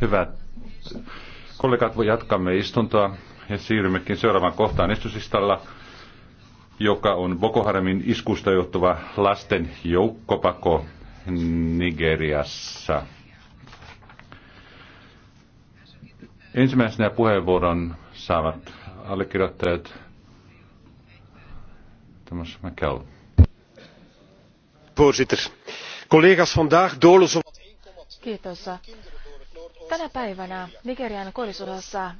Hyvät kollegat, jatkamme istuntoa ja siirrymmekin seuraavaan kohtaan istusistalla, joka on Boko Haramin iskusta johtuva lasten joukkopako Nigeriassa. Ensimmäisenä puheenvuoron saavat allekirjoittajat Thomas McCall. Voorzitter, collega's vandaag dolen Kiitos. Tänä päivänä Nigerian kodisodassa